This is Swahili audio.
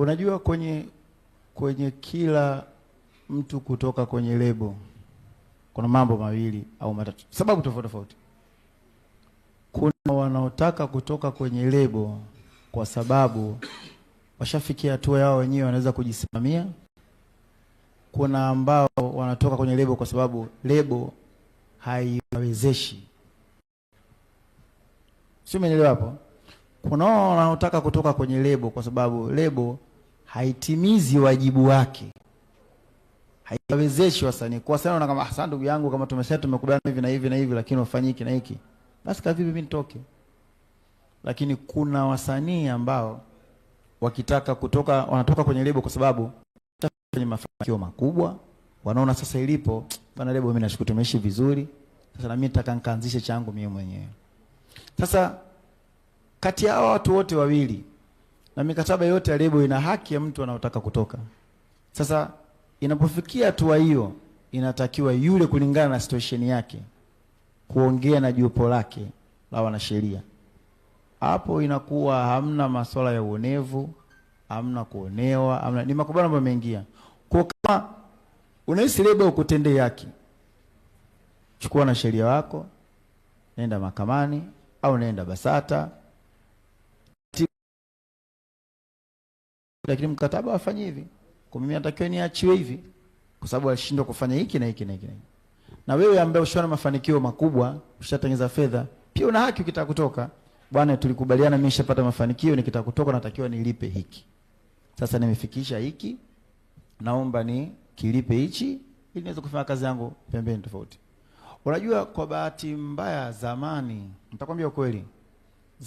Unajua, kwenye kwenye kila mtu kutoka kwenye lebo kuna mambo mawili au matatu, sababu tofauti tofauti. Kuna wanaotaka kutoka kwenye lebo kwa sababu washafikia hatua yao wenyewe wanaweza kujisimamia. Kuna ambao wanatoka kwenye lebo kwa sababu lebo haiwawezeshi. Sio, umeelewa hapo? Kuna wanaotaka kutoka kwenye lebo kwa sababu lebo haitimizi wajibu wake, haiwezeshi wasanii kwa sana. na Kama hasa ndugu yangu, kama tumesha tumekubaliana hivi na hivi na hivi, lakini ufanyiki na hiki basi, kavipi mimi nitoke? Lakini kuna wasanii ambao wakitaka kutoka wanatoka kwenye lebo kwa sababu kwenye mafanikio makubwa, wanaona sasa ilipo bana lebo, mimi nashukuru tumeishi vizuri, sasa na mimi nataka nikaanzishe changu mimi mwenyewe. Sasa kati ya hawa watu wote wawili na mikataba yote ya lebo ina haki ya mtu anaotaka kutoka. Sasa inapofikia hatua hiyo, inatakiwa yule, kulingana na situation yake, kuongea na jopo lake la wanasheria. Hapo inakuwa hamna masuala ya uonevu, hamna kuonewa, hamna, ni makubaliano ambayo yameingia. Kwa kama unahisi lebo ukutendee haki, chukua na sheria wako, nenda mahakamani au nenda BASATA lakini mkataba wafanye hivi, kwa mimi natakiwa niachiwe hivi kwa sababu alishindwa kufanya hiki na hiki na hiki. Na wewe ambaye ushaona mafanikio makubwa, ushatengeneza fedha, pia una haki ukitaka kutoka. Bwana, tulikubaliana mimi nishapata mafanikio, nikitaka kutoka natakiwa nilipe hiki. Sasa nimefikisha hiki, naomba ni kilipe hichi ili niweze kufanya kazi yangu pembeni tofauti. Unajua, kwa bahati mbaya zamani, nitakwambia ukweli